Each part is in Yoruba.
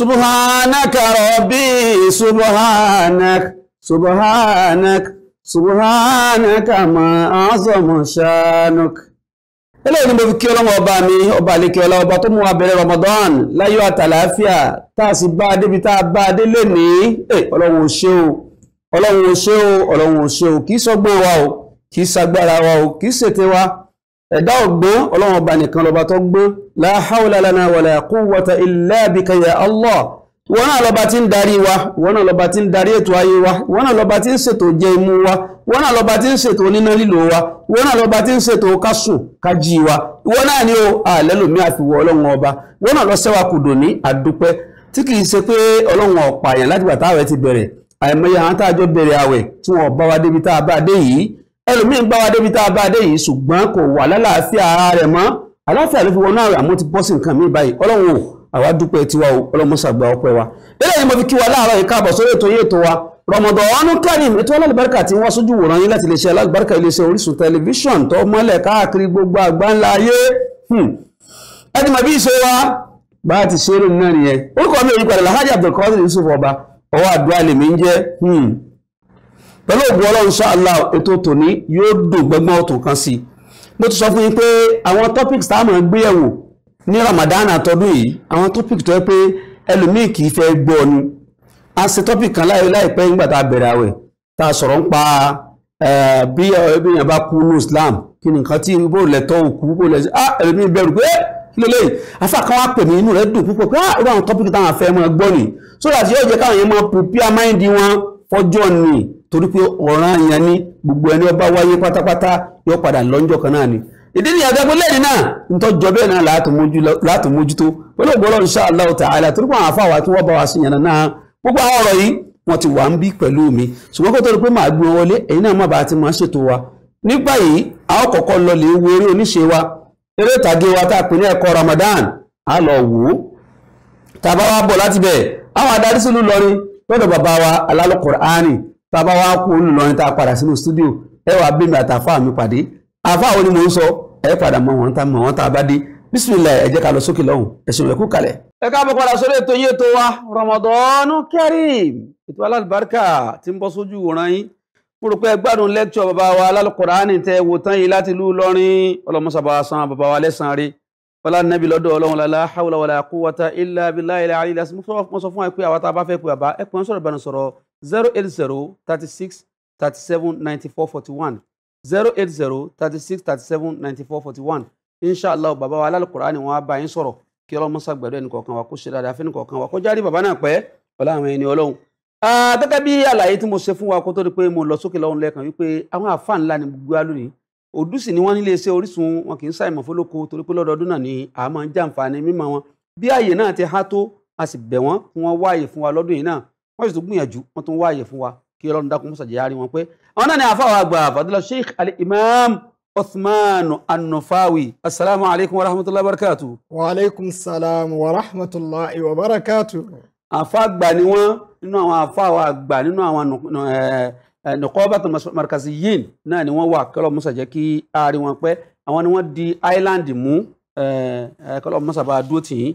سبحانك ربي سبحانك سبحانك سبحانك ما أعظم شانك eléyìí ni mo fi kí ọlọ́wọ́ ọba mi ọba àlekè ọlá ọba tó mú wa bẹ̀rẹ̀ Ramadan láyọ̀ àtàlàáfíà tá a sì bá a débi tá a bá a dé lénìí ẹ eh, ọlọ́run ò o ọlọ́run ò ṣe o ọlọ́run ò ṣe o kì í wa o kì í wa o kì í ṣètè wa ẹ̀dá ọ̀gbọ́n ọlọ́run ọba nìkan lọba tó gbọ́n la hawla lana wala quwwata illa bika ya Allah wọ́n náà lọba tí ń darí wa wọ́n náà lọba tí ń darí ètò ayé wa wọ́n náà lọba tí ń ṣètò jẹ imú wa wọ́n náà lọba tí ń ṣètò níná lílo wa wọ́n náà lọba tí ń ṣètò kásùn kájí wa wọ́n náà ni ó àlẹ́lòmí àfiwọ́ ọlọ́run ọba wọ́n náà lọ sẹ́wà kùdò ní àdúpẹ́ tí kì í ṣe pé ọlọ́run ọ̀pààyàn látìgbà táwẹ̀ ti bẹ̀rẹ̀ àìmọye àwọn táàjọ bẹ̀rẹ̀ àwẹ̀ tí wọ́n bá wa débi tá a bá dé yìí ẹlòmíì ń bá wa débi tá a bá dé yìí ṣùgbọ́n kò wà lálàáfíà ara rẹ̀ mọ́ àlàáfíà ló fi wọnú àwẹ̀ àmọ́ ti bọ́ sí nǹkan mi báyìí ọlọ́run o àwa dúpẹ́ tiwa o ọlọ́run ṣàgbà ọpẹ́ wa eléyìí mo fi kí wa láàárọ̀ yìí káàbọ̀ sórí ètò yìí ètò wa Ramadan Kareem ètò alálùbáríkà tí wọ́n sójú wòran yín láti iléeṣẹ́ alálùbáríkà iléeṣẹ́ Orísun tẹlifíṣọ̀n tó mọ́lẹ̀ káàkiri gbogbo àgbáńlá ayé hmm. ẹ ti mọ̀ bí ìṣe wa bá a ti ṣe é lónìí náà nìyẹn orúkọ mi ò yí padà Alhaji Abdulkadir Yusuf Ọba ọwọ́ àdúrà lèmi ń jẹ́ hmm pẹ̀lú ògùn ọlọ́run ṣáàlá ètò tòní yóò dùn gbẹ́gbọ́n ọ̀tún kan sí mo ti sọ fún yín pé àwọn topics tá a gbé yẹ̀wò ní Ramadan àtọdún yìí àwọn topics tó yẹ pé ẹlòmíì kì fẹ́ gbọ́ ni a ṣe topic kan láyé láìpẹ́ nígbà tá a bẹ̀rẹ̀ àwẹ̀ tá a sọ̀rọ̀ ń pa bí ẹbíyàn bá kú ní Islam kí ni nǹkan tí bó lẹ̀ tọ́ òkú bó lẹ̀ ah ẹlòmíì bẹ̀rù pé eh, lélẹ́yìn afa kan wá pè mí inú rẹ̀ dùn púpọ̀ pé ah irú àwọn topic táwọn afẹ́ máa gbọ́ ni so that yóò jẹ́ káwọn yẹn máa prepare mind wọn fọjọ́ ni torí pé ọ̀ràn àyàn ni gbogbo ẹni ọba wáyé pátápátá yóò padà lọ́njọ́ kan náà ni ìdí ni àdẹ́gbẹ́ lẹ́yìn náà ntọ́jọ́ bẹ́ẹ̀ náà láti mójútó pẹ̀lú ògbọ́lọ́ insha Allah ta'ala torí pé àwọn afáwà tí wọ́n bá wa sí yànnà náà gbogbo àwọn ọ̀rọ̀ yìí wọ́n ti wà ń bí pẹ̀lú mi ṣùgbọ́n kó tó rí pé màá gbé wọn wọlé ẹ̀yin náà má bàa ti máa ṣètò wa nígbà yìí a ó kọ́kọ́ lọ lè wo eré oníṣe wa eré ìtàgé wa tá a pè ní ẹ̀kọ́ Ramadan a lọ wò ó tàbá wa bọ̀ láti bẹ̀ àwọn adarí sílùú lọrin lọ́dọ̀ bàbá wa alálùkùránì tábà wá kú olùlọrin tá a padà sínú stúdíò ẹ wàá bí mi àtàfà mi pàdé àfà wo ni mò ń sọ ẹ padà mọ wọn tá mọ wọn tá a bá dé bísímìlà ẹ jẹ́ ká lọ sókè lọ́hùn ẹ̀sùn ẹ̀kú kalẹ̀. ẹ káàbọ̀ padà sórí ètò yìí ètò wa Ramadan Kareem ètò alábàárìkà tí ń bọ́ sójú wòran yín mo rò pé ẹ gbádùn lẹ́kṣọ̀ bàbá wa alálùkùránì tẹ wò tán yìí láti ìlú Ìlọrin ọlọmọsàbà bàbá wa lẹ́sàn rí wọlá nẹ́bí lọ́dọ̀ ọlọ́run lálá hawla wàlá quwwata illa billahi ilẹ̀ àríyá mo sọ fún wa pé àwa tá a bá fẹ́ pé bàbá ẹ pọ́n sọ̀rọ̀ ìbánisọ̀rọ̀ zero eight zero thirty six thirty seven ninety four forty one zero eight zero thirty six thirty seven ninety four forty one inshallah baba wa alálùkùrá ni wọn á bá yín sọ̀rọ̀ kí ọlọmọ sàgbẹdọ ẹnì kọ̀ọ̀kan wa kó ṣe dáadáa fẹnì kọ̀ọ̀kan wa kó jáde bàbá náà pẹ́ ọlá àwọn ẹni Ah, gẹ́gẹ́ bí àlàyé tí mo ṣe fún wa kó tó di pé mo lọ sókè lọ́hùn lẹ́ẹ̀kan wípé àwọn àfáà ńlá ni gbogbo alú ni òdú sì ni wọ́n nílé iṣẹ́ Orísun wọn kì í ṣàìmọ̀ fólóko torí pé lọ́dọọdún náà ni a máa ń jàǹfààní mímọ̀ wọn bí ààyè náà ti há tó a sì bẹ̀ wọ́n kí wọ́n wá ààyè fún wa lọ́dún yìí náà wọ́n sì tún gbìyànjú wọ́n tún wáyè fún wa kí ọlọ́run dákun mọ́sà jẹ́ àárín wọn pé àwọn náà ni àfáwọn àgbà fadila sheikh Ali imam uthman an-nufawi asalaamu alaykum wa rahmatulahi wa barakatu. wa aleykum salaam wa rahmatulahi wa barakatu. àfa àgbà ni wọn nínú àwọn àfáwọn àgbà nínú àwọn nukọ́bàtà markaziyin náà ni wọ́n wà kí ọlọ́run mọ́sà jẹ́ kí àárín wọn pé àwọn ni wọ́n di island mú kí ọlọ́run mọ́sà bá dúró tì yín.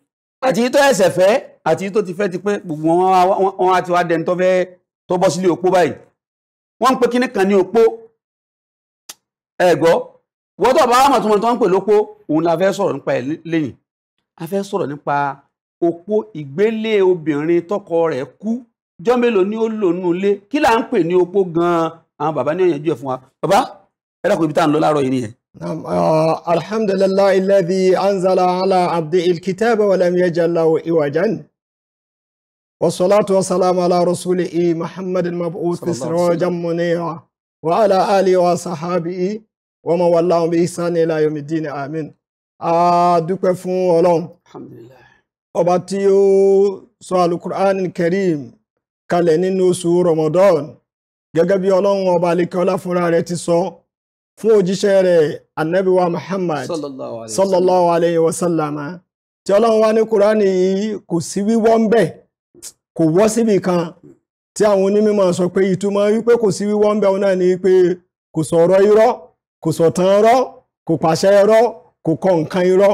àti tó ẹsẹ̀ fẹ́ àti tó ti fẹ́ ti pẹ́ gbogbo wọn àti wá dẹni tó fẹ́ tó bọ́ sílé òpó báyìí wọ́n ń pe kíní kan ní òpó ẹ̀gọ́ wọ́n tó bá wà mọ̀tún tó ń pè lópó òun la fẹ́ sọ̀rọ̀ nípa ẹ̀ lẹ́yìn a fẹ́ sọ̀rọ̀ nípa òpó ìgbélé obìnrin tọkọ rẹ̀ kú jọ́ mélòó ni ó lò nù ilé kí là ń pè ní òpó gan-an àwọn bàbá ní ọ̀yànjú ẹ̀ fún wa bàbá ẹ dákun ibi tá à ń lọ láàárọ̀ yìí nìyẹn نعم آه الحمد لله الذي أنزل على عبده الكتاب ولم يجعل له عوجا والصلاة والسلام على رسوله محمد المبعوث سراجا منيرا وعلى آله وصحابه ومن والله بإحسان إلى يوم الدين آمين adúpẹ́ fún ọlọ́run ọba tí ó sọ alukur'an kareem kalẹ̀ سو رمضان ramadan gẹ́gẹ́ bí ọlọ́run ọba alekọ́lá fúnra rẹ̀ ti sọ fún òjíṣẹ́ rẹ̀ anabiwa Muhammad sallallahu alayhi wa sallam tí ọlọ́run wá ní kúránì yìí kò sí wíwọ́ ń bẹ̀ kò wọ́ síbì kan tí àwọn onímọ̀ sọ pé ìtumọ̀ wípé kò sí wíwọ́ ń bẹ̀ náà ni pé kò sọ̀rọ̀ irọ́ kò sọ̀tàn irọ́ kò pàṣẹ irọ́ kò kọ nǹkan irọ́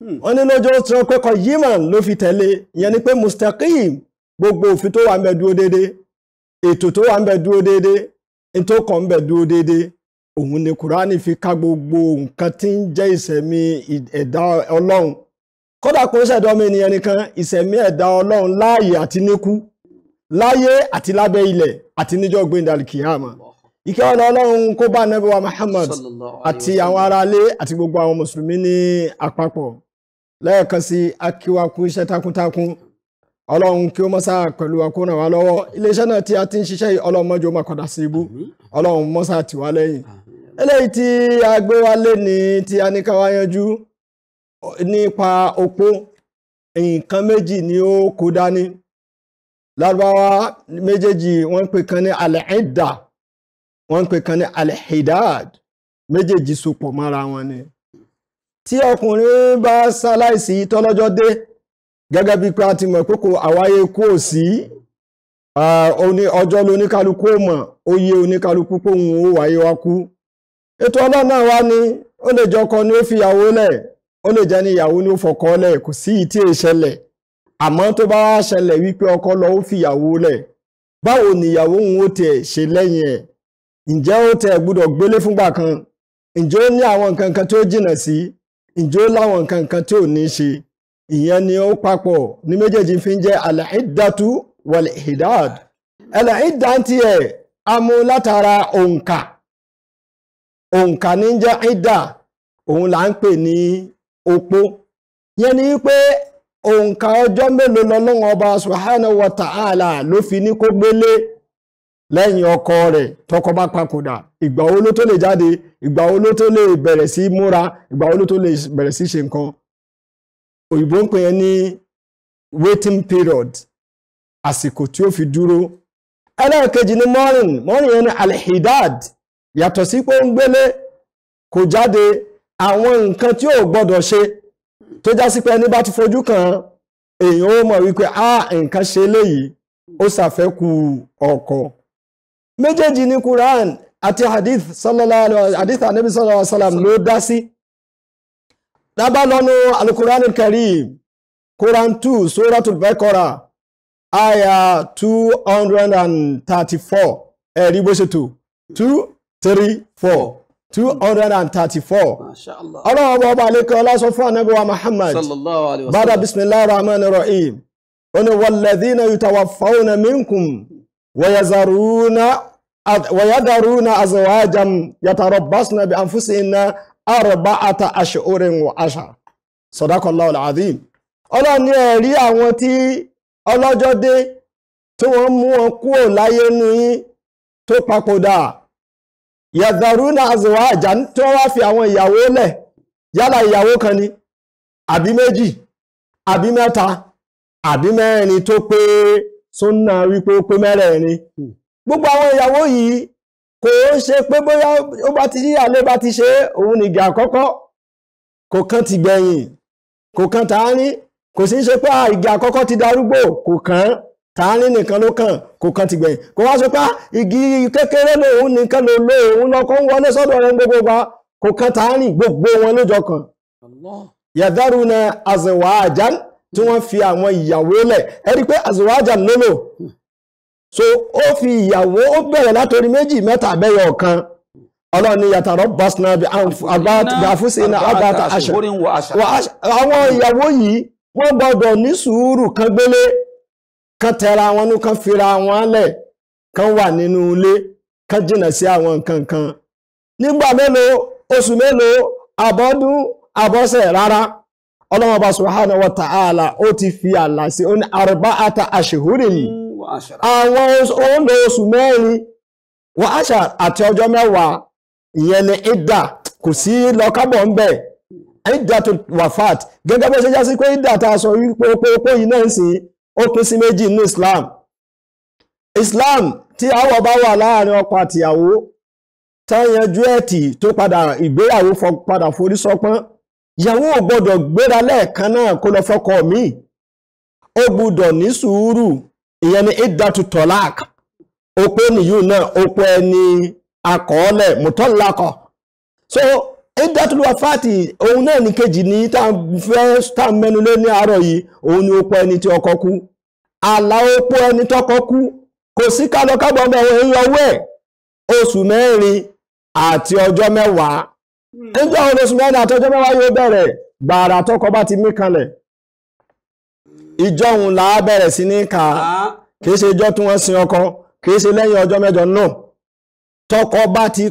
hmm. wọ́n ní lójó sọ pé kọ yíman ló fi tẹ̀lé ìyẹn ni pé mustaqim gbogbo òfin tó wà ń bẹ̀ dúró déédéé ètò tó wà ń bẹ̀ dúró déédéé ètò kan ń bẹ̀ dúró déédéé òun ni kùránì fi ká gbogbo nǹkan tí ń jẹ́ ìṣẹ̀mí ẹ̀dá ọlọ́run kódà kò ń ṣẹ̀dọ́ ọmọ ènìyàn nìkan ìṣẹ̀mí ẹ̀dá ọlọ́run láàyè àti níkú láyé àti lábẹ́ ilẹ̀ àti níjọ́ gbẹ̀ndàlì kìhámà ìkẹ́ ọ̀nà ọlọ́run kó bá nàbí wa Muhammad àti àwọn aráalé àti gbogbo àwọn mùsùlùmí ní àpapọ̀ lẹ́ẹ̀kan sí akíwakú iṣẹ́ takuntakun ọlọ́run kí ó mọ́sá pẹ̀lú ọkùnrin ràn wá lọ́wọ́ iléeṣẹ́ náà tí a ti ń ṣiṣẹ́ yìí ọlọ́run mọ́jọ́ máa kọ̀dà sí ibú ọlọ́run mọ́sá tì wá lẹ́yìn eléyìí tí a gbé wá lé ní tí a ní ká wá yanjú nípa opó nǹkan méjì ni ó kó dání lárúbáwá méjèèjì wọ́n ń pè kan ní alẹ́hìdà wọ́n ń pè kan ní alẹ́hìdáàd méjèèjì sopọ̀ mọ́ra wọn ni tí ọkùnrin bá ṣaláìsí tọ́lọ́jọ́ dé gẹ́gẹ́ ati pé a ti mọ̀ pé àwáyé kú ò sí ọjọ́ ló oníkálukú ò mọ̀ ó yé oníkálukú pé òun ó wáyé wá kú ètò ọlọ́run náà wá ní ó lè jọkọ ni ó fi ìyàwó lẹ̀ ó lè jẹ́ ní ìyàwó ni ó fọkọ lẹ̀ kò sí ìtí ìṣẹ̀lẹ̀ àmọ́ tó bá wá ṣẹlẹ̀ wípé ọkọ lọ ó fi ìyàwó lẹ̀ báwo ni ìyàwó òun ó tẹ̀ ṣe lẹ́yìn ẹ̀ ǹjẹ́ ó tẹ̀ gbélé fúngbà kan ǹjẹ́ ó ní àwọn nǹkan kan sí ǹjẹ́ ó láwọn nǹkan kan tí ò ní ìyẹn ni ó papọ̀ ní méjèèjì fi ń jẹ́ al-iddatu wal-ihdad al amú látara òǹkà òǹkà ní jẹ́ idda òun là ń pè ní opó yẹn ni pé òǹkà ọjọ́ mélòó lọ́lọ́run ọba subhanahu wa ló fi ní kó gbélé lẹ́yìn ọkọ tọkọ bá papòdà ìgbà wo ló tó lè jáde ìgbà wo ló òyìnbó ń pè é ní waiting period àsìkò tí ó fi dúró ẹlẹ́ẹ̀kejì ni morning morning yẹn ni alhidad yàtọ̀ sí pé ó ń gbélé kò jáde àwọn nǹkan tí ò gbọ́dọ̀ ṣe tó já sí pé ẹni bá ti fojú kan èèyàn ó mọ̀ wípé a nǹkan ṣe léyìí ó ṣàfẹ́kù ọkọ̀ méjèèjì ni Quran àti hadith sallallahu alaihi hadith anabi sallallahu alaihi wa sallam ló dá sí tábà lọ́nu alukurani karim quran two suratul baqara aya two hundred and thirty-four ẹ̀rí bó ṣe tó two three four two hundred and thirty-four ọlọ́run ọba ọba àlekẹ́ ọlásọ fún anábíwá muhammad bàdà bisimilahi rahman rahim oní wàlẹ́dínà yutawa fáwọn minkum wàyàdàrúnà azọ̀wájàm yàtàrọ̀ bàṣnà bí anfusìnà. arba'ata ashhurin wa ashara sadaqallahu alazim ọlọ́run ní ẹ̀rí àwọn tí ọlọ́jọ́ dé tí wọ́n mú wọn kúrò láyé nu yín tó papòdà yadharuna azwajan tí wọ́n fi àwọn ìyàwó lẹ̀ yálà ìyàwó kan ni àbí méjì gbogbo yi. kò ó ṣe pé bóyá ó bá ti yíyà lé bá ti ṣe òun nìgbà àkọ́kọ́ kò kàn ti gbẹ̀yìn kò kàn tààrin kò sí ṣe pé ìgbà àkọ́kọ́ ti darúgbò kò kàn tààrin nìkan ló kàn kò kàn ti gbẹ̀yìn kò wá sọ pé igi kékeré lòun nìkan ló lo òun lọkọ ń wọlé sọ́dọ̀ rẹ̀ gbogbo wa kò kàn tààrin gbogbo wọn lójọ kan yàdárù na àzẹwà àjàn tí wọ́n fi àwọn ìyàwó lẹ̀ ẹ rí i pé àzẹwà àjàn lólò so ó fi ìyàwó ó bẹ̀rẹ̀ látòrí méjì mẹ́ta bẹ́yọ̀ ọ̀kan ọlọ́ni yàtàrọ̀ basna àfúnṣe àbáta àṣà àwọn ìyàwó yìí wọ́n gbọ́dọ̀ ní sùúrù kan gbélé kan tẹra wọn nú kan fira wọn lẹ̀ kan wà nínú ilé kan jìnà sí àwọn nǹkan kan nígbà mélòó oṣù mélòó àbọ́dún àbọ́sẹ̀ rárá ọlọ́wọ́n bá subhanahu wa ta'ala ó fi àlà sí àwọn oúnjẹ oṣù mẹ́rin wà áṣà àti ọjọ́ mẹ́wàá ìyẹn ni ìdà kò sí lọ́kábọ̀ ń bẹ̀ ìdà tó wà fat gẹ́gẹ́ bó ṣe já sí pé ìdà tá a sọ wípé opó yìí náà sì ó pín sí méjì nínú Islam Islam tí àwọ̀ bá wà láàrin ọkọ àtìyàwó táyanjú ẹ̀tì tó padà ìgbéyàwó padà forí sọpọ́n ìyàwó ò gbọ́dọ̀ gbéra lẹ́ẹ̀kan náà kó lọ fọkọ míì ó gbọ́dọ̀ ní sùúrù ìyẹn ni iddatu tolak opó nìyún náà opó ẹni akọọlẹ, mutọ́lákọ̀ so iddatu wafati òun náà ní kejì ní tá a mẹ́nu lé ní àárọ̀ yìí òun ni opó ẹni tí ọkọ kú àlà opó ẹni tọkọ kú kò sí kálọ ọmọ ẹ̀wọ̀n ń yọwọ́ oṣù mẹ́rin àti hmm. nígbà oṣù àti yóò gbàrà tọkọ bá ìjọhun là á bẹ̀rẹ̀ sí ní kà á kì í ṣe ìjọ tí wọ́n sin ọkọ kì í ṣe lẹ́yìn ọjọ́ mẹ́jọ náà tọkọ bá ti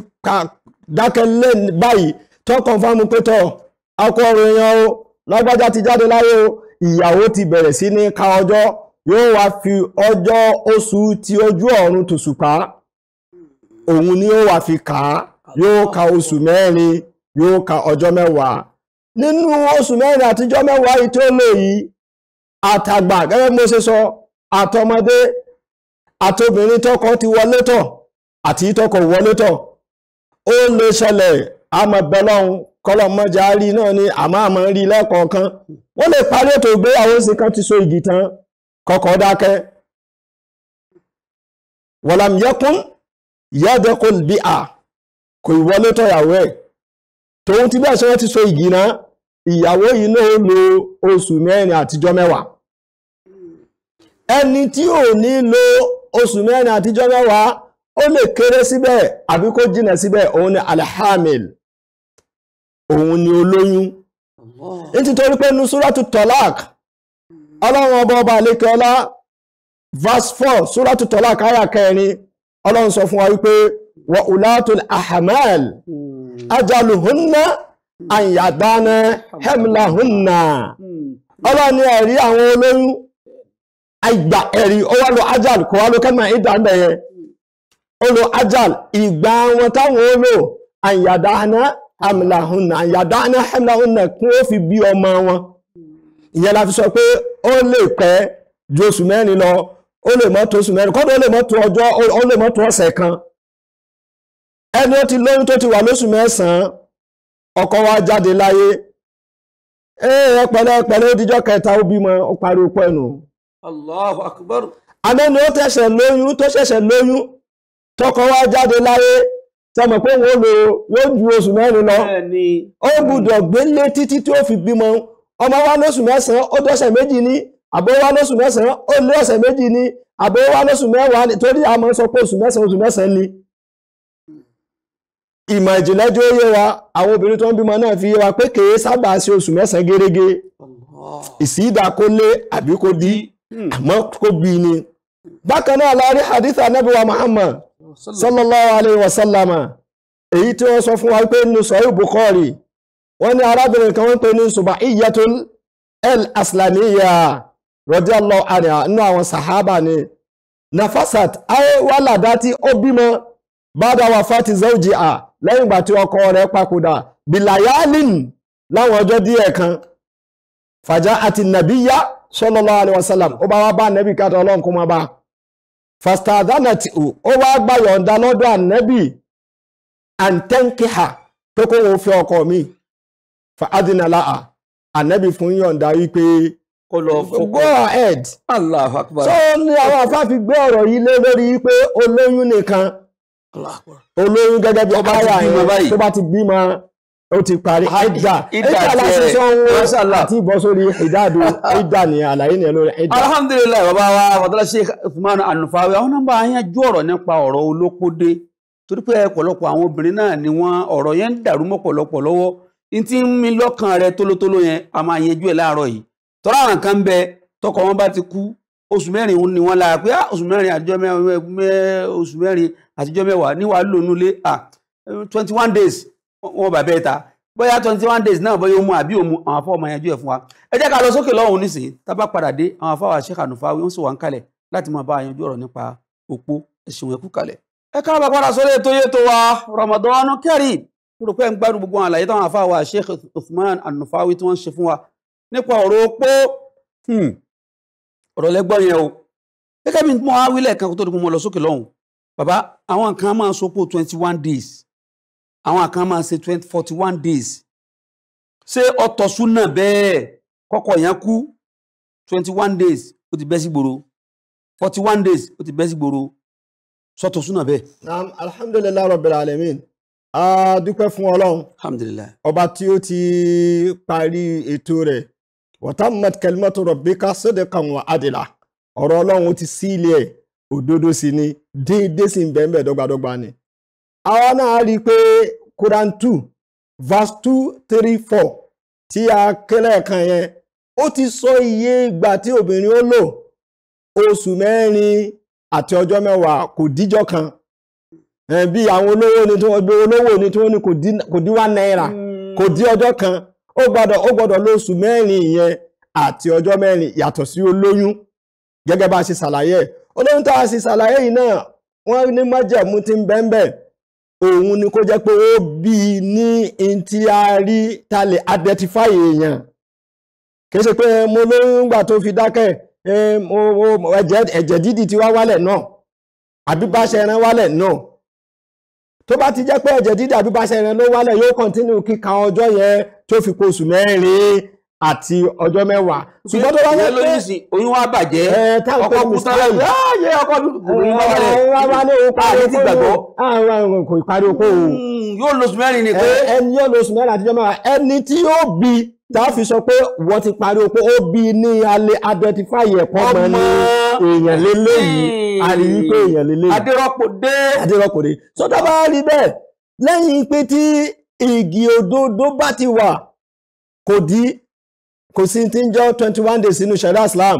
dákẹ́ lé báyìí tọkọ fáwọn pé tọ akọrin o lágbájá ti jáde láyé o ìyàwó ti bẹ̀rẹ̀ sí ní ka ọjọ́ yóò wá fi ọjọ́ oṣù ti ojú ọ̀run tòṣùpá òun ni ó wá fi kà á yóò ka oṣù mẹ́rin yóò ka ọjọ́ mẹ́wàá nínú oṣù mẹ́rin àtijọ́ mẹ́wàá yìí tó lò yìí àtàgbà gẹ́gẹ́ mo ṣe sọ àtọmọdé àtobìnrin tọkọ ti wọlé tọ̀ àti tọkọ wọlé tọ̀ ó lè ṣẹlẹ̀ amọ̀bẹ̀lọ́hún kọlọ̀mọ́jà rí náà ni àmọ́ àmọ́ rí lẹ́kọ̀ọ̀kan wọ́n lè parí ètò ìgbéyàwó sí kan ti so igi tán kọkọ̀ dákẹ́ wọ̀làm yẹkún yẹ́dẹ́ kò bí a kò wọlé tọ̀yàwó ẹ̀ tòun ti bẹ́ẹ̀ sọ wọ́n ti so igi náà ìyàwó yìí náà lo oṣù mẹ́rin àtijọ́ mẹ́wàá ẹni tí ò ní lo oṣù mẹ́rin àtijọ́ mẹ́wàá ó lè kéré síbẹ̀ àbí kó jìnà síbẹ̀ òun ni alhamil òun ni olóyún nítorí pé nusuratu tolak ọlọ́run ọba ọba àlékẹ́ọ́lá verse four suratu tolak àyà kẹrin ọlọ́run sọ fún wa wípé wa ulatul ahmal hmm. ajaluhunna. àyàgbáná hemla hmm. ọlọ́ni ẹ̀rí àwọn olóyún àgbà ẹ̀rí ọwọ́ lo ajal kò wá ló kẹ́mà ìdá ń ó lo ajal ìgbà wọn táwọn ó lò àyàdáná hemlahunna hemla hemlahunna kí wọ́n fi bí ọmọ wọn ìyẹn la fi sọ pé ó lè pẹ́ ju oṣù mẹ́rin lọ ó lè mọ́ tó oṣù mẹ́rin kọ́dọ̀ ó lè mọ́ tó ọjọ́ ó lè mọ́ tó ọ̀sẹ̀ kan ẹni ó ọkọ wa jáde láyé eh, ẹ pẹ̀lẹ́ pẹ̀lẹ́ ó dijọ́ kẹta ó bímọ ó parí opó ẹnu. Allahu akbar. àmẹ́nu ó tẹ̀sẹ̀ lóyún tó ṣẹ̀ṣẹ̀ lóyún tọkọ wa jáde láyé tọmọ pé wọn ò lò yóò ju oṣù mẹ́rin lọ ó gbúdọ̀ gbélé títí tí ó fi bímọ ọmọ wa lóṣù mẹ́sàn-án ó dọ́sẹ̀ méjì ní àbó wa lóṣù mẹ́sàn-án ó lé ọ̀sẹ̀ méjì ní àbó wa lóṣù mẹ́wàá nítorí àmọ́ sọ pé oṣù mẹ́sàn-án oṣù mẹ́sàn-án ni. ìmọ̀ ìjìnlẹ̀ jó yé wa àwọn obìnrin tó ń bímọ náà fi yé wa pé kèé sábà sí oṣù mẹ́sàn-án gérégé ìsídà kó lé àbí kó dí hmm. àmọ́ kó bí ni. bákan náà la rí hadith anabi muhammad sallallahu alayhi wa sallam. èyí tí wọ́n sọ fún wa pé nínú sọ̀rọ̀ bukhari wọ́n ní arábìnrin kan wọ́n pè ní subaiyatul el aslamiya radiyallahu anha àwọn sahaba ni nafasat ayé wàlàdá tí ó bímọ bada wafati zawjiha lẹ́yìn ìgbà tí ọkọ rẹ̀ papòdà bìlàyálìn láwọn ọjọ́ díẹ̀ kan fàjá àti nàbíyá sallallahu alaihi wasallam ó bá wá bá nẹ́bì kátà ọlọ́run kó máa bá fastadhanat ó wá gba yọ̀ǹda lọ́dọ̀ ànẹ́bì àǹtẹ́ǹkìhà pé kó wọn ọkọ mi fa so àwọn afáfi gbé ọrọ yìí lé lórí wípé olóyún olóyún gẹ́gẹ́ bí ara yẹn tó bá ti bímọ ó ti parí ìdá ìdá láti sọ ohun àti ìbọn sórí ìdádò ìdá ni àlàyé ni lórí ìdá. alhamdulilayi bàbá wa fàtàlá Sheikh Usman Anufaweey àwọn nọ́mbà yẹn ju ọ̀rọ̀ nípa ọ̀rọ̀ olókóde torí pé ọ̀pọ̀lọpọ̀ àwọn obìnrin náà ni wọ́n ọ̀rọ̀ yẹn ń dàrú mọ́ lọ́wọ́ n ti mi lọ́kàn rẹ tólótóló yẹn a máa yẹjú ẹ̀ láàárọ̀ yìí tọ́ra àwọn kan bẹ tọkọ wọn bá ti kú oṣù mẹ́rin ni wọ́n la pé ah, oṣù mẹ́rin àjọ mẹ́rin oṣù mẹ́rin àtijọ́ mẹ́wàá níwà lónúlé ah twenty one days wọ́n bàbá ẹ̀ta bóyá twenty one days náà bóyá ó mú àbí òmu àwọn afọ́ ọmọ yanjú ẹ̀ fún wa ẹ jẹ́ ká lọ sókè lọ́hùn nísìnyí tábà padà dé àwọn afọ́ àwọn Sheikh Anufaweey wọ́n sì wà ń kalẹ̀ láti máa bá yanjú ọ̀rọ̀ nípa òpó ẹ̀sìn ẹ̀kú kalẹ̀. ẹ káàbà padà sórí ètò yẹn tó wa Ramadan Kareem kúrò pé ń gbádùn gbogbo àlàyé táwọn afọ́ àwọn Sheikh Uthman Anufaweey tí wọ́n ṣe fún wa nípa ọ̀rọ̀ òpó hmm, ọ̀rọ̀ lẹ́gbọ́n yẹn o gẹ́gẹ́ bí mo bàbá àwọn kan máa sopọ̀ twenty one days àwọn kan máa ṣe twenty forty one days ṣé ọtọ̀ súnà bẹ́ẹ̀ kọ́kọ́ yẹn kú twenty one days ó ti bẹ́ sí gbòòrò forty one days ó ti bẹ́ sí gbòòrò sọ́tọ̀ súnà bẹ́ẹ̀. naam alhamdulilayi rabbil alamin a dúpẹ́ fún ọlọ́run alhamdulilayi ọba tí ó ti parí ètò rẹ̀ wa tammat kalimatu rabbika sidqan wa adla ọ̀rọ̀ ọlọ́run ó ti sí ilé ẹ̀. ododo si ni déédé sì ń bẹ dọ́gbadọ́gba ni. àwa náà rí i pé Quran two verse two three tí a kan yẹn ó ti sọ iye ìgbà tí obìnrin ó lò oṣù mẹ́rin àti ọjọ́ mẹ́wàá kò díjọ́ kan bí àwọn olówó ni tí wọ́n gbé olówó ni tí wọ́n kan ó gbọ́dọ̀ lo mẹ́rin yẹn àti ọjọ́ mẹ́rin yàtọ̀ sí olóyún gẹ́gẹ́ bá olóhun tá a sì ṣàlàyé yìí náà wọ́n ní májẹ̀mú ti ń bẹ́ńbẹ́ òun ni kó jẹ́ pé ó bí i ní ntí a rí ta lè identify èèyàn kì í ṣe pé mo lóyún gbà tó fi dákẹ́ ẹ̀jẹ̀ dídì ti wá wálẹ̀ náà àbí bá ṣe ẹran wálẹ̀ náà tó bá ti jẹ́ pé ẹ̀jẹ̀ dídì àbí bá ṣe ẹran ló wálẹ̀ yóò kọ́ntínú kíka ọjọ́ yẹn tó fi po mẹ́rin àti ọjọ́ mẹ́wàá. ṣùgbọ́n tó bá yẹ pé oyún wa bàjẹ́ ọkọ̀ kù sáré rẹ̀ yẹ ọkọ̀ oyún wa bàjẹ́ àti ah, ti gbàgbọ́. àwọn ah, kò parí oko o. Hmm, yóò lóṣù mẹ́rin ni pé. ẹni yóò lóṣù mẹ́rin àtijọ́ mẹ́wàá ẹni tí yóò bí tá a fi sọ pé wọ́n ti parí oko ó bí ní alẹ́ identify ẹ̀kọ́ mọ́ ní èèyàn lélẹ́yìí àríyí hmm. pé èèyàn lélẹ́yìí. adérọ́pò dé. adérọ́pò dé sọtá bá rí bẹ́ẹ̀ lẹ́yìn pé tí igi òdòdó bá ti wà kò di kò sí ti ń jẹ́ twenty one days nínú sharia islam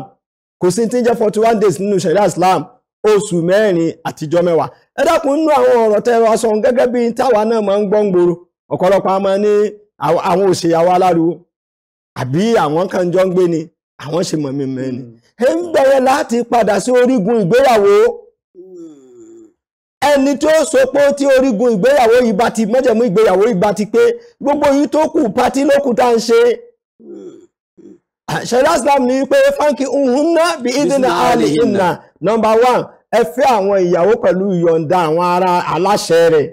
kò sí ti ń jẹ́ forty one days nínú sharia islam oṣù mẹ́rin àtijọ́ mẹ́wàá ẹ dákun nínú àwọn ọ̀rọ̀ tẹ́ wá sọ gẹ́gẹ́ bí táwa náà máa ń gbọ́ gbòòrò ọ̀pọ̀lọpọ̀ àmọ́ ní àwọn òṣèyàwó aláriwo àbí àwọn kan jọ ń gbé ni àwọn ṣe mọ̀mí mẹ́ni ẹ ń bẹ̀rẹ̀ láti padà sí orígun ìgbéyàwó ẹni tó sopó tí orígun ìgbéyàwó yìí bá ti mọ́jẹ̀mú ìgbéyàwó yìí bá ti pé gbogbo yìí tó kù pátí lókù tá à ń ṣe. ṣẹlá islam ní pé fáńkì ǹhúnná bí ìdínà àlè ìnà nọmba one ẹ fẹ́ àwọn ìyàwó pẹ̀lú ìyọ̀ǹda àwọn ará aláṣẹ rẹ̀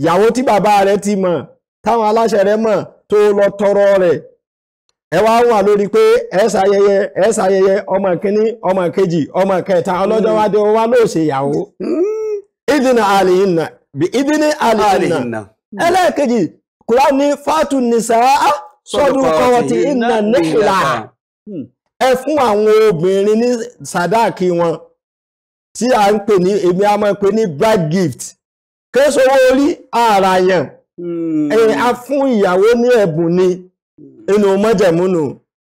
ìyàwó tí bàbá ti mọ̀ táwọn aláṣẹ rẹ̀ mọ̀ tó lọ tọrọ rẹ̀ ẹ wá wà lórí pé ẹ ṣayẹyẹ ẹ ṣayẹyẹ ọmọ kínní ọmọ kejì ọmọ kẹta sọ́dún kọ́wọ́tì iná nílà hmm. ẹ fún àwọn obìnrin ní sàdáàkì wọn tí a ń pè ní èmi a máa ń pè ní bride gift kéṣowó orí àràyàn hmm. ẹ̀yìn a fún ìyàwó ní ẹ̀bùn ni inú mọ́jẹ̀múnù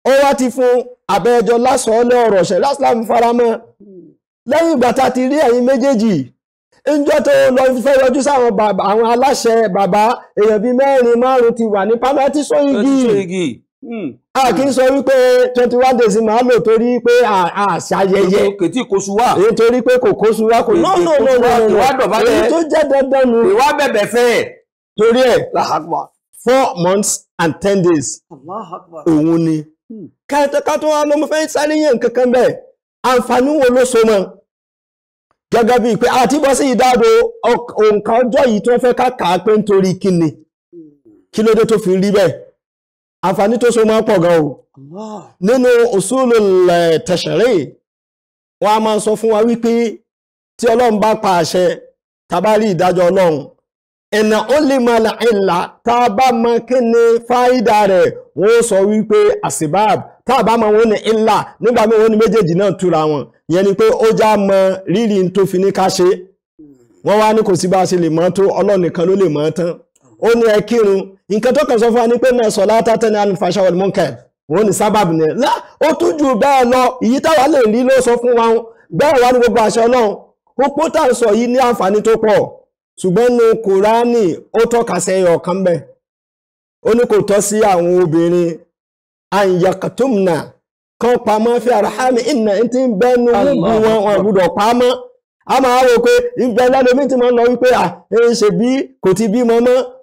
ó wá ti fún abẹ́ẹjọ́ lásán ọlẹ́ ọ̀rọ̀ ṣẹ̀ lásìlámù faramọ́ hmm. lẹ́yìn ìgbà tá a ti rí ẹ̀yin méjèèjì njọ́ tó lọ fẹ́ yọjú sáwọn àwọn aláṣẹ bàbá èèyàn bíi mẹ́rin márùn ti wà ní pálọ́ tí hmm. a kì í sọ wípé twenty one days máa lò torí pé àṣàyẹyẹ kètí kóṣù pé kò kóṣù wà kò no no no èyí tó jẹ́ dandan nù. ìwà bẹ̀bẹ̀ fẹ́ torí ẹ̀ four months and ten days òun ni hmm. ká tó ló mo fẹ́ sáré yẹn kankan bẹ́ẹ̀ àǹfààní wo ló so mọ́ gẹ́gẹ́ bíi pé àti bọ́ sí ìdádò òǹkà ọjọ́ yìí tó fẹ́ káàkà pé nítorí kíni kí ló dé tó fi rí bẹ́ẹ̀ àǹfààní tó so máa pọ̀ gan o nínú usulul tashri wọn a máa sọ fún wa wípé tí ọlọ́run bá pa àṣẹ tá a bá rí ìdájọ́ ọlọ́run ẹ̀nà ó lè tá a bá mọ kí ni fáídà rẹ̀ wọ́n sọ wípé àsìbáàbù tá a bá mọ wọn ní ńlá nígbà míì wọn ní méjèèjì náà túra wọn ìyẹn ni pé ó já mọ rírì tó fi ní ká ṣe wọn wá ní kò sí bá a ṣe lè mọ tó Ọlọ́run nìkan ló lè mọ tán ó ní ẹ kírun nǹkan tó kàn sọ ni pé náà sọ látàtẹ́ ní alifasha wal munkar wọn ní sábàbù ni lá ó tún jù bẹ́ẹ̀ lọ èyí táwa lè rí ló sọ fún wa bẹ́ẹ̀ wá ní gbogbo àṣẹ Ọlọ́run pópó tá à ń sọ yìí ní àǹfààní tó ṣùgbọ́n nu Kùránì ó tọ́ka sẹ́yìn ọ̀kan bẹ́ẹ̀ ó ní kò tọ́ sí àwọn obìnrin an yakatumna kan pamọ fi arhami inna nti benu bu won won gudo pamọ a ma wo pe nbe lenu mi ti mo lo wi pe ah en se bi ko ti bi mo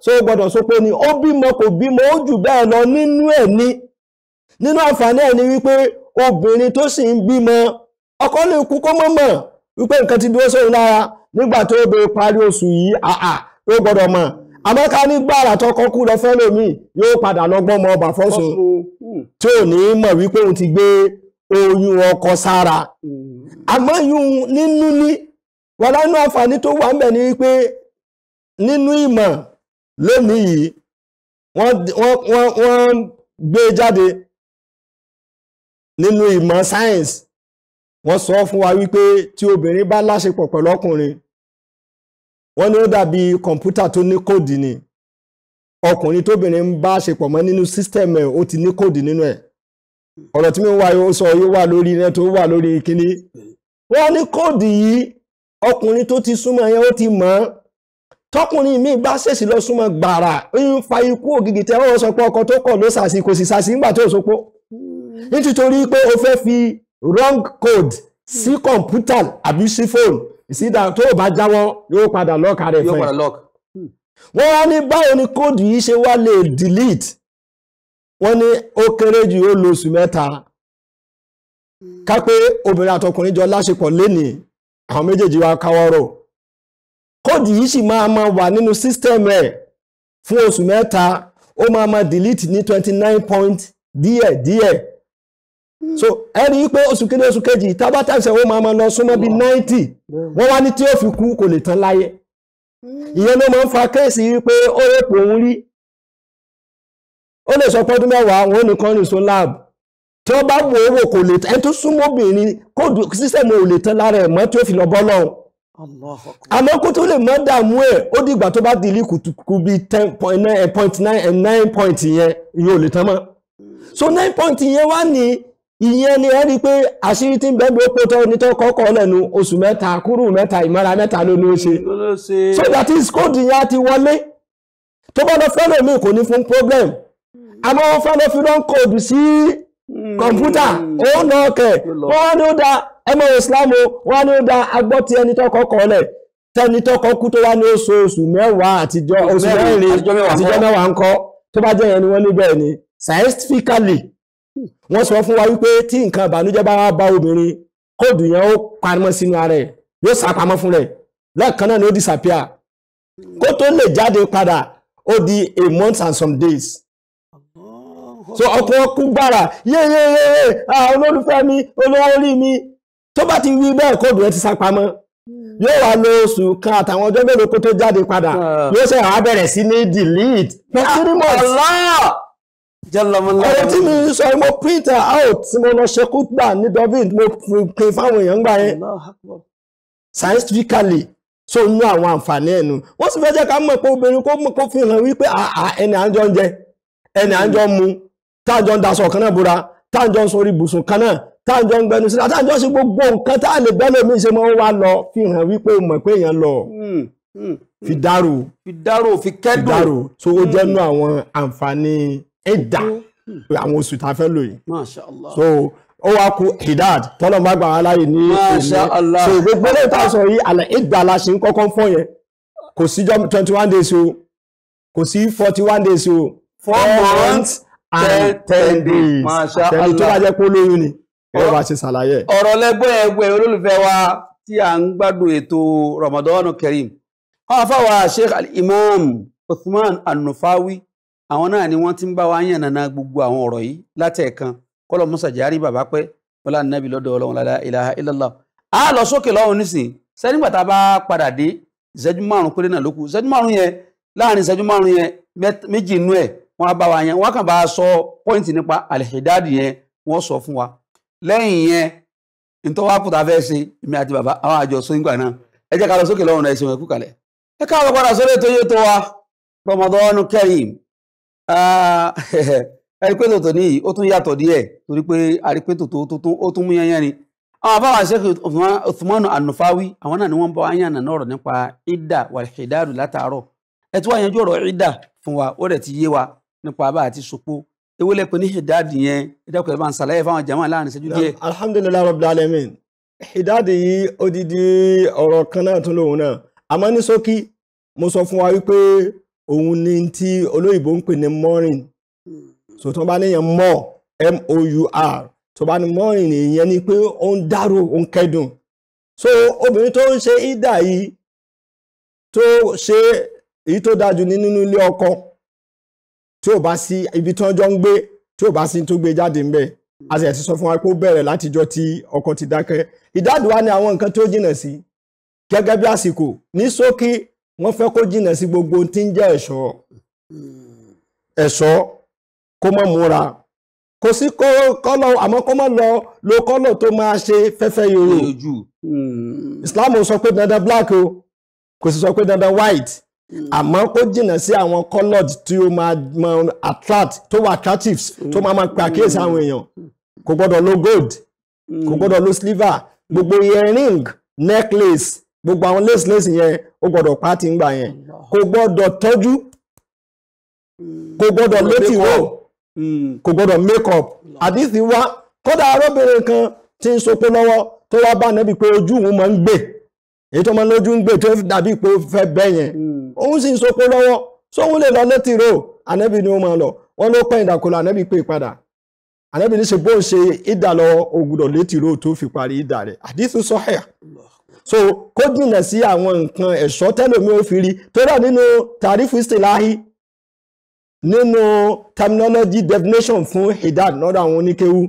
so gbodo so pe ni o bi mo ko bi mo o ju be lo ninu eni ninu afani eni ni wi obirin to si bi mo oko le ku ko mo mo wi pe nkan ti duro so ni pari osu yi ah ah o gbodo mo àmọ́ ká ní gbàrà tọkọ kú lọ fẹ́ lómi yóò padà lọ́gbọ́n mọ ọba fọ́sùn tí ò ní mọ̀ wípé òun ti gbé oyún ọkọ sára àmọ́ yún nínú ní wọn lánà àǹfààní tó wà ń ni wípé nínú ìmọ̀ lónìí yìí wọ́n gbé jáde nínú ìmọ̀ sáyẹ́nsì wọ́n sọ fún wa wípé tí obìnrin bá láṣepọ̀ pẹ̀lú ọkùnrin wọ́n ní ó dàbí kọ̀ǹpútà tó ní kóòdì ni ọkùnrin tóbìnrin ń bá ṣepọ̀ mọ́ nínú sísítẹ̀mù ẹ̀ ó ti ní kóòdì nínú ẹ̀ ọ̀rọ̀ tí mi wá yóò sọ yóò wà lórí iná tó wà lórí kínní wọ́n ní kóòdì yìí ọkùnrin tó ti súnmọ́ yẹn ó ti mọ̀ ọ́ tọkùnrin mi bá ṣèṣì lọ súnmọ́ gbàrà ń fa ikú ògìgì tẹ́ wọ́n sọ pé ọkọ tó kọ̀ ló sàṣì kò sì sàṣì ńgbà tó sopó nítorí pé o fẹ́ fi wrong code sí kọ̀ǹpútà àbí sí fóònù ìsídà tó bá jáwọ́ yóò padà lọ́ọ̀kà rẹ̀ fún ẹ̀ wọ́n wá ní báwo ni kóòdù yìí ṣe wá lè delete wọ́n ní ó kéré jù ó lo oṣù mẹ́ta ká pé obìnrin àtọkùnrin jọ láṣepọ̀ lénìí àwọn méjèèjì wa káwọ́rọ̀ kóòdù yìí sì máa máa wà nínú system rẹ̀ fún oṣù mẹ́ta ó máa máa delete ní twenty nine point díẹ̀ díẹ̀ so ẹ rí i pé oṣù kìíní oṣù kejì tábà tàbísẹ̀ wọ́n máa lọ súnmọ́ bíi ninety wọ́n wá ní tí ó fi kú kò lè tán láyé ìyẹn ló máa ń fa kéèsì pé ó rè pò ń rí ó lè sọ pọ́dún mẹ́wàá àwọn oníkanrin so lab tí ó bá wò ó wò kò lè tán ẹni tó súnmọ́ obìnrin kóòdù sísẹ̀mù ò lè tán lára ẹ̀ mọ́ tí ó fi lọ bọ́ lọ́hùn àmọ́ kó tó lè mọ́ dààmú ẹ̀ ó dìgbà tó bá dìlí kùtùkù bíi ten point nine point nine nine point yẹn ìyẹn ò lè tán mọ́ so nine point yẹn wá ní ìyẹn ni ẹ rí i pé àṣírí tí ń bẹ́ẹ̀ bí ó pé tọ́ onítọ́ kọ́kọ́ lẹ́nu oṣù mẹ́ta kúrú mẹ́ta ìmọ́ra mẹ́ta ló ní ó ṣe so that is kóòdù yẹn á ti wọlé tó bá lọ fẹ́rẹ̀ mi kò ní fún problem hmm. àmọ́ wọn fẹ́ lọ fi rán kóòdù sí hmm. kọ̀ǹpútà òun náà kẹ̀ wọ́n ní ó da ẹmọ Islam wọ́n ní ó da agbọ́ ti ẹni tọ́ kọ́kọ́ lẹ̀ tẹni tọ́ kọ́ tó wá ní oṣù mẹ́wàá àtijọ́ mẹ́wàá ńkọ́ tó bá jẹ́ yẹn ni wọ́n ní ni scientifically wọ́n sọ fún wa wípé tí nǹkan ìbànújẹ́ bá wá bá obìnrin kóòdù yẹn ó pamọ́ sínú ara ẹ̀ yóò sápamọ́ fún rẹ̀ lẹ́ẹ̀kan náà ni ó disappear kó tó lè jáde padà ó di a month and some days so ọkùnrin kú gbára yéyéyéyé olólùfẹ́ mi olówó rí mi tó bá ti wí bẹ́ẹ̀ kóòdù yẹn ti sápamọ́ hmm. yóò wá lo oṣù kan àtàwọn ọjọ́ mélòó kó tó jáde padà hmm. yóò ṣe àwọn abẹ̀rẹ̀ sí ní delete ah, for three months ọ̀rọ̀ tí mi sọ mo print out tí mo lọ ṣe kútbà ní david mo pin fáwọn èèyàn gbà yẹn scientifically so nú àwọn àǹfààní ẹnu wọ́n sì fẹ́ jẹ́ ká mọ̀ pé obìnrin kó mọ̀ kó fi hàn wípé ẹni à ń jọ ń jẹ ẹni à ń jọ ń mu tá à ń jọ ń daṣọ kan náà bora tá à ń jọ ń sori ibùsùn kan náà tá à ń jọ ń gbẹnu síra tá à ń jọ ń ṣe gbogbo nǹkan tá à lè bẹ́ẹ̀ lómi ṣe mọ́ wá lọ fi hàn wípé mọ̀ pé èèyàn lọ hmm, hmm, hmm. fi dárò fi dárò fi kẹ́dùn so ó jẹ́ nú àwọn àǹfààní ẹ̀dà hmm. àwọn oṣù tá a fẹ́ lò so ó wá ku hidad tọ́lọ̀ má gbà wọn láàyè ní Masha so gbogbo eléyìí tá a sọ yìí àlẹ́ ẹ̀dà la ṣe ń kọ́kọ́ fọ́ yẹn kò sí twenty one days o kò sí forty days o. four months and ten days. Masha Allah. tẹ̀lé tó bá jẹ́ pé olóyún ni ẹ̀rọ bá ṣe ṣàlàyé. ọ̀rọ̀ lẹ́gbẹ́ ẹgbẹ́ olólùfẹ́ wa tí a ń gbádùn ètò Ramadan Kareem. àwọn afáwà Sheikh al-Imam Uthman an àwọn náà ni wọn ti ń bá wa yàn nana gbogbo àwọn ọrọ yìí látẹ̀ẹ̀kan kọ́lọ̀ musa jari bàbá pẹ ọlá nàbí lọ́dọ̀ ọlọ́run ilaha a lọ sókè lọ́wọ́ nísìn sẹ́ni gbàtà bá padà dé ìṣẹ́jú márùn péré náà lókù ìṣẹ́jú márùn yẹn láàrin márùn yẹn méjì sọ nípa alihidadi yẹn sọ fún wa yẹn ntọ́wá fẹ́ ṣe àti àwọn àjọ sóyìngbà náà ẹ jẹ́ ká lọ sókè náà ẹ padà sórí ètò Ah, ẹni pé tòótọ́ ní yìí ó tún yàtọ̀ díẹ̀ torí pé àrí pé tòótọ́ ó tún mú yányán ni àwọn afáwà Sheikh Uthman An-Nafawi àwọn náà ni wọ́n ń bọ́ ayán àná ọ̀rọ̀ nípa ìdà wàlhídàrú látàárọ̀ ẹ tí wọ́n yanjú ọ̀rọ̀ ìdà fún wa ó rẹ̀ ti yé wa nípa bá àti sopó ewé lẹ́pẹ́ ní ìdáàdì yẹn ìdáàkọ̀ ẹ̀ bá fáwọn jàmáà láàrin ìṣẹ́jú díẹ̀. alhamdulilayi rabbil òun ni tí olóyìnbó ń pè ní mooring so tó bá níyẹn mọ̀ m-o-u-r tó bá ní mooring ìyẹn ni pé ó ń dárò ó ń kẹ́dùn so obìnrin tó ń ṣe ìdà yìí tó ṣe èyí tó dájú ní nínú ilé ọkọ tí ò bá sí ibi tí wọ́n jọ ń gbé tí ò bá sí tó gbé jáde ńbẹ̀ a sì ti sọ fún wa pé ó bẹ̀rẹ̀ látijọ́ tí ọkọ ti dákẹ́ ìdádùn wa ni àwọn nǹkan tó jìnnà sí gẹ́gẹ́ bí àsìkò ní ṣókí wọ́n fẹ́ kó jìnà sí gbogbo tí ń jẹ́ ẹ̀ṣọ́ ẹ̀ṣọ́ kó mọ́ múra kò sí kọ́lọ̀ àmọ́ kó mọ́ lọ lo kọ́lọ̀ tó máa ṣe fẹ́fẹ́ yòrò hmm. Islam sọ pé dandan black o kò sì sọ pé dandan white hmm. àmọ́ kó jìnà sí àwọn colored tí ó máa attract tó wà attractives tó máa máa pe àkíyèsí hmm. àwọn èèyàn kò gbọ́dọ̀ lo gold kò gbọ́dọ̀ lo silver gbogbo earring necklace gbogbo àwọn léṣiléṣi yẹn ó gbọ́dọ̀ pa ti ń gbà yẹn kò gbọ́dọ̀ tọ́jú kò mm. gbọ́dọ̀ kò gbọ́dọ̀ mm. make up àdìsí wa kódà arábìnrin kan tí ń sopó lọ́wọ́ tó wá bá nẹ́bi pé ojú òun máa ń gbè èyí tó máa ń lójú ń gbè tó dàbí pé ó fẹ́ bẹ́ yẹn mm. òun sì ń lọ́wọ́ sóhun lè lọ ànẹ́bi ni ó máa lọ wọ́n ló pẹ́ ànẹ́bi pé so kó jìnà sí àwọn nǹkan ẹ̀ṣọ́ tẹ́lòmí ó fi rí tó rà nínú tàrífù istilahi nínú terminology definition fún hidad lọ́dọ̀ àwọn oníkéwú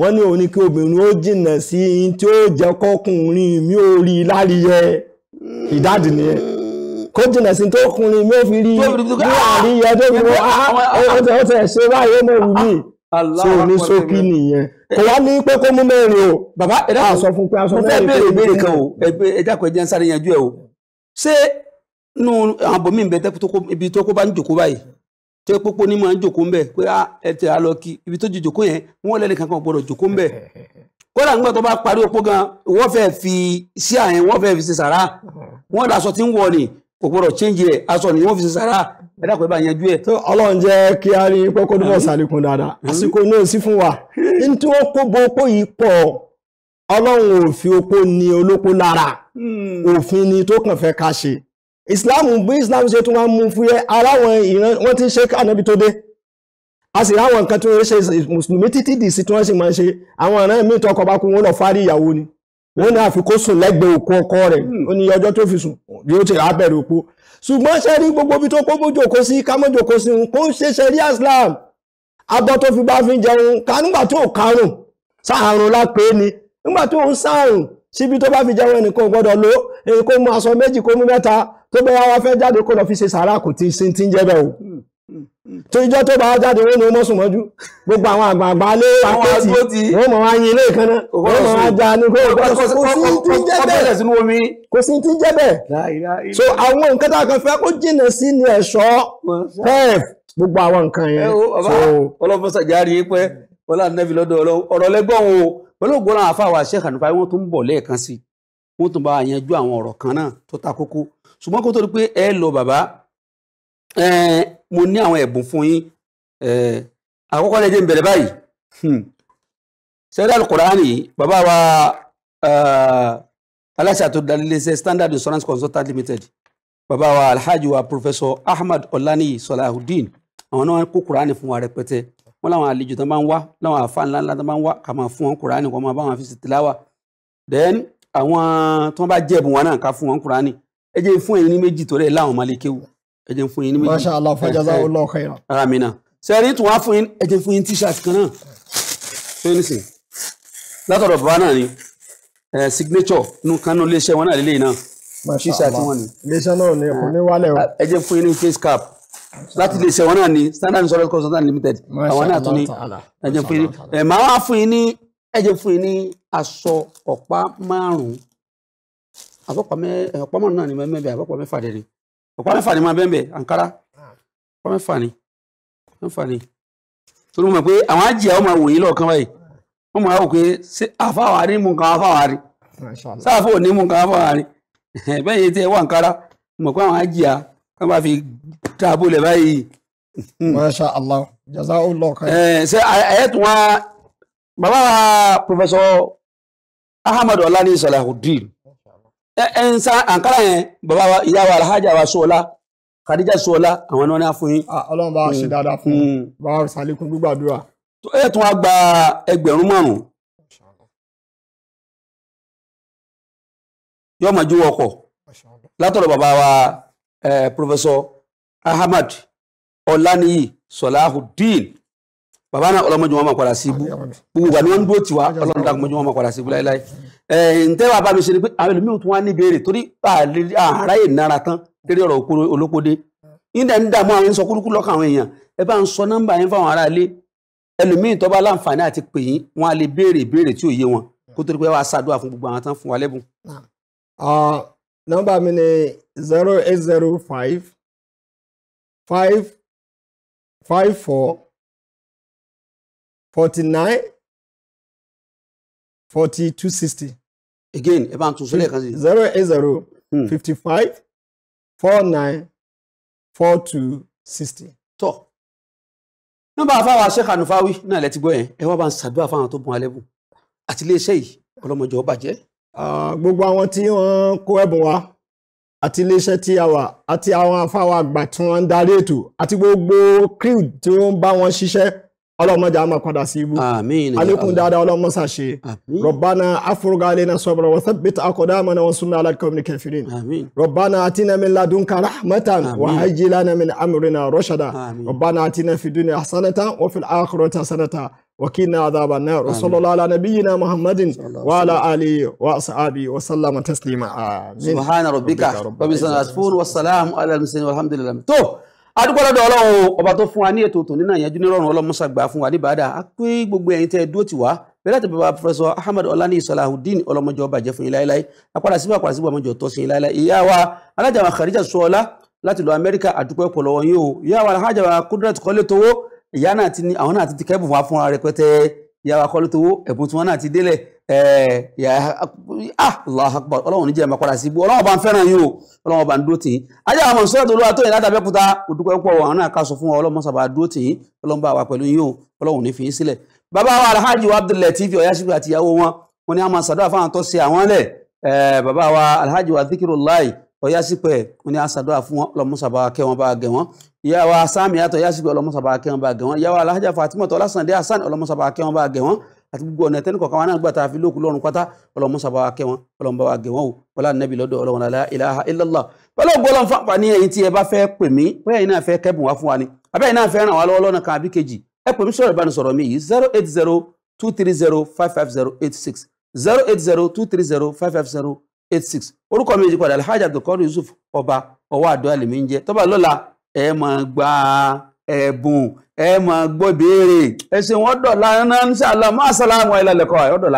wọ́n ní òun ni kí obìnrin ó jìnà sí in tí ó jẹ́ kọkùnrin mi ò rí láríyẹ hidad nìyẹn kó jìnà sí tó mi ò fi rí láríyẹ tó fi wọ́n ó tẹ̀ ṣe báyìí ó mọ̀ wù mí so ní ṣókí nìyẹn kò wá ní pé kó mú mẹ́rin o bàbá ẹ dákun sọ fún pé aṣọ mẹ́rin pé ìbéèrè kan o ẹ dákun ẹ jẹ́ ń sáré yanjú ẹ o ṣé nù àwọn bòmí ń bẹ tẹ́ ibi tó kó bá ń jòkó báyìí tó yẹ pópó ní máa ń jòkó ń bẹ pé ah, ẹ tẹ á lọ kí ibi tó ju jòkó yẹn wọn lẹ́nu kankan gbọdọ̀ jòkó ń bẹ kódà nígbà tó bá parí opó gan wọ́n fẹ́ fi sí àyẹn wọ́n fẹ́ fi ṣe sàrà wọ́n dàsọ tí ń wọ ni kò gbọ́dọ̀ change ẹ̀ aṣọ ni wọ́n fi sára ẹ̀dá pẹ̀lú àyànjú ẹ̀. tó ọlọ́run jẹ́ kí a rí pẹ́kọ́ dúpọ̀ sàlékún dáadáa hmm. àsìkò náà sí fún wa hmm. nítorí ó kó bo opó yìí pọ̀ ọlọ́run ò fi opó ni olóko lára hmm. òfin ni tó kàn fẹ́ ká ṣe islam bí islam ṣe tún máa ń mú fúyẹ́ ara wọn ìran wọn ti ṣe kànáàbí tó dé a sì ráwọn nǹkan tó ń ṣe mùsùlùmí títí dì sí tí wọ́n sì máa ń ṣe àwọn ọ̀ràn míì tọkọ bá kú wọn lọ fárí ìyàwó ni wọ́n ní àfi kó sùn lẹ́gbẹ̀ẹ́ òkú ọkọ rẹ̀ hmm. ó ní ọjọ́ tó fi sùn yóò ti rà bẹ̀rẹ̀ òpó ṣùgbọ́n ṣe rí gbogbo ibi tó kó bójú òkó sí kámọ́jòkó sí kó ń ṣe ṣẹ̀rí Islam abọ́ tó fi bá fi jẹun ká nígbà tó karùn sáàrùn lápé ni nígbà tó ń sáàrùn síbi tó bá fi jẹun ẹnìkan gbọ́dọ̀ ló èyí kó mú aṣọ méjì kó mú mẹ́ta tó bẹ́ẹ̀ wá fẹ́ jáde kó lọ fi ṣe sàrà kò ti sin ti ń jẹ́ bẹ́ẹ̀ o hmm tó ìjọ tó bá jáde wọn ni ó mọ́sùn mọ́jú gbogbo àwọn àgbààgbà lé àpótí wọn mọ̀ wá yin ilé kan náà wọn mọ̀ wá já ní kó kò sí ti jẹ́ bẹ́ẹ̀ so àwọn nǹkan tá a kan fẹ́ kó jìnnà sí ni ẹ̀ṣọ́ pef gbogbo àwọn nǹkan yẹn. ọlọ́fọ́ sàjárí pé wọlé ànábì lọ́dọ̀ ọ̀rọ̀ lẹ́gbọ̀n o pẹ̀lú ògbóná àfàwà Sheikh Hanifa wọn tún bọ̀ lẹ́ẹ̀kan sí wọn tún bá yanjú àwọn ọ̀rọ̀ kan náà tó ta kókó ṣùgbọ́n kó tó di pé ẹ lọ bàbá mo ní àwọn ẹ̀bùn fún yín àkọ́kọ́ lẹ́jẹ̀ ń bẹ̀rẹ̀ báyìí sẹ́rí hmm. alukùránì bàbá wa aláṣẹ àtòdàlẹ́sẹ̀ standard insurance consultant limited bàbá wa alhaji wa professor ahmad olani salahuddin àwọn náà kó kùránì fún wa rẹpẹtẹ wọn làwọn àlejò tó máa ń wá láwọn àfa ńlá ńlá tó máa ń wá kà máa fún wọn kùránì wọn máa bá wọn fi sì tìláwà then àwọn tó bá jẹ̀bùn wọn náà ká fún wọn kùránì ẹ jẹ́ fún ẹ̀yin ní méjì tó rẹ̀ láwọn ọmọ lè ẹ jẹ́ fún yín ní méjì. masha allah fajaza allah khairan. amina sẹ́ni tún wá fún yín ẹ jẹ́ fún yín t-shirt kan náà tó yín nísìn látọ̀dọ̀ bàbá náà ni signature nù kánú iléeṣẹ́ wọn náà lélẹ́yìn náà t-shirt wọn ni. iléeṣẹ́ náà ni kò ní wálẹ̀ o. ẹ jẹ́ fún yín ní face cap láti iléeṣẹ́ wọn náà ni standard insurance consultant limited àwọn náà tún ní ẹ jẹ́ fún yín ẹ máa wá fún yín ní ẹ jẹ́ fún yín ní aṣọ ọ̀pá márùn-ún àbọ̀pá márùn-ún náà ni mẹ́mẹ́bẹ̀ àbọ̀pá mẹ́fà dẹ̀ ni ọ̀pá mẹ́fà ni máa bẹ́ẹ̀ Ankara, àǹkárá ah. ọ̀pá mẹ́fà ni ọ̀pá mẹ́fà ni torí mọ̀ pé àwọn àjẹ́ ọmọ wò yí lọ́ọ̀kan báyìí wọ́n mọ̀ àwọn pé ṣé àfáwà ní mú nǹkan àfáwà rí sáàfò ní mú nǹkan àfáwà rí bẹ́ẹ̀ yìí tẹ́ wà àǹkárá mọ̀ pé àwọn àjẹ́ kan bá fi dáàbò lẹ̀ báyìí. Masha Allah jazakallahu khair. ṣe àyẹ̀tùn wa bàbá wa Professor Ahmad Ọlá ní Salahuddin ẹnsa àǹkárá yẹn baba wa ìyá wa alhaji wa sọlá kadija sọlá àwọn ni wọn ní yín. Ah, Ọlọ́run bá ṣe mm. dáadáa fún un mm. bàbá wa gbígbàdúrà. ẹ tún wá gba ẹgbẹ̀rún márùn yóò máa látọ̀dọ̀ wa eh, Ahmad bàbá náà ọlọ́mọdé wọn máa padà sí ibú gbogbo ìgbà ni wọ́n ń dúró tiwa ọlọ́run dàgbọ́n wọn máa padà sí ibú láéláé ǹtẹ́ bàbá mi ṣe ni pé àwọn ẹlòmíràn tún wá ní ìbéèrè torí àráyè nára tán dérí ọ̀rọ̀ olókóde nígbà ní dààmú àwọn ẹ̀ńsọ kúrúkú lọ́kàn àwọn èèyàn ẹ bá ń sọ nọ́mbà yẹn fáwọn ará ilé ẹlòmíràn tó bá láǹfààní àti pè yín wọn á lè béèrè ìbéèrè tí ò wọn kó torí pé wàá zero eight zero five five five four. 49 4260. again ẹ bá ń kan sí. zero eight zero hmm. fifty five four nine four two sixty. tọ́ nọ́mbà àfáwà Sheikh Anufaweey náà lẹ ti gbọ́ yẹn ẹ wá bá ń ṣàdúrà fáwọn tó bùn alẹ́ bùn àti iléeṣẹ́ yìí ọlọ́mọdé ó bàjẹ́. gbogbo àwọn tí wọ́n kó ẹ̀bùn wa àti iléeṣẹ́ tí a wà Ati àwọn afáwà àgbà tí wọ́n ń darí ètò àti gbogbo crew tí wọ́n ń bá wọn ṣiṣẹ́ ọlọ́mọ jama máa padà Amin. Alikum dada dáadáa ọlọ́mọ ṣàṣe Rabbana afurga náà sọ̀rọ̀ wa thabbit aqdamana wa sunna ala al kafirin. Amin. Rabbana atina min ladunka rahmatan wa hayyi lana min amrina rashada Rabbana atina fi dunya hasanatan wa fil akhirati hasanatan wa qina adhaban nar wa sallallahu ala nabiyyina muhammadin wa ala alihi wa ashabihi wa sallama taslima amin subhana rabbika rabbil izzati wa salamun ala al-mursalin walhamdulillah adúgbọ́lọ́dọ̀ ọlọ́run ọba tó fún wa ní ètò tòní náà yẹjú nírọ̀rùn ọlọ́mọṣà gbà fún wa ní bàdà á pé gbogbo ẹ̀yin tẹ́ ẹ dúró tì wá bẹ́ẹ̀ láti bàbá pẹ̀fẹ́sọ ahmed ọláníyì salahudeen ọlọ́mọjọ bàjẹ́ fún yín láéláé apáda síbà apáda síbà ọmọjọ tọ́ sí yín láéláé ìyá wa alájà wa kharija sọọlá láti lọ amẹ́ríkà àdúpẹ́ pọ̀lọ́wọ́ yín o wa alájà wa kudrat kọ́lé towó ìyá náà ti ní ìyá wa kọ́lé towó ẹ̀bùn tí wọ́n náà ti délẹ̀ ah, Allahu Akbar ọlọ́run níjẹ́ ìmọ̀ padà sí ibú ọlọ́run bá ń fẹ́ràn yín o ọlọ́run bá ń dúró tì yín ajá àwọn ọmọ sọ́dọ̀ olúwa tó yẹn láti abẹ́kúta òdúpẹ́ púpọ̀ àwọn náà ká sọ fún wa ọlọ́run sábà dúró tì yín ọlọ́run bá wà pẹ̀lú yín o ọlọ́run ní fi yín sílẹ̀. bàbá wa alhaji wa Abdul Latif Ọ̀yáṣíkù àti ìyàwó wọn wọn ni a máa ṣàdúrà fáwọn tó wa alhaji wa Zikirullahi ọ̀yá sípẹ̀ wọn ni àṣàdúrà fún wọn lọ́mọ́sàbà kẹ́ wọn bá gẹ̀ wọn ìyá wa sáàmì àtọ̀ ọ̀yá sípẹ̀ ọlọ́mọ́sàbà kẹ́ wọn bá gẹ̀ wọn ìyá wa alájà fàtímọ̀tọ̀ ọlásàndé àṣàn ọlọ́mọ́sàbà kẹ́ wọn bá gẹ̀ wọn àti gbogbo ọ̀nà tẹ́ni kọ̀ọ̀kan wọn náà gbà tá a fi lókun lọ́rùn pátá ọlọ́mọ́sàbà kẹ́ wọn ọlọ́mọ́sàbà gẹ̀ wọn o wọlá nàbì lọ́dọ̀ ọlọ́run la ilaha illallah pẹ̀lú ògbólọ́ fáfà ní ẹ̀yin tí ẹ bá fẹ́ pè mí bóyá ẹ̀yin náà fẹ́ kẹ́bùn wá fún wa ni àbẹ́ ẹ̀yin náà fẹ́ ràn wá lọ́wọ́ lọ́nà kan àbí kejì ẹ pè mí sọ̀rọ̀ ìbánisọ̀rọ̀ zero eight zero two three zero five five zero eight six zero eight zero two three zero five five zero eight six orúkọ mi yìí padà alhaji abdulkadir yusuf ọba ọwọ́ àdó àlèmí ń jẹ tọ́ba lọ́la ẹ máa gba ẹ̀bùn ẹ máa gbọ́ béèrè ẹ ṣe wọ́n dọ̀la náà ń ṣàlọ́ máa ṣàlámù ẹ̀ lálẹ́kọ̀ọ́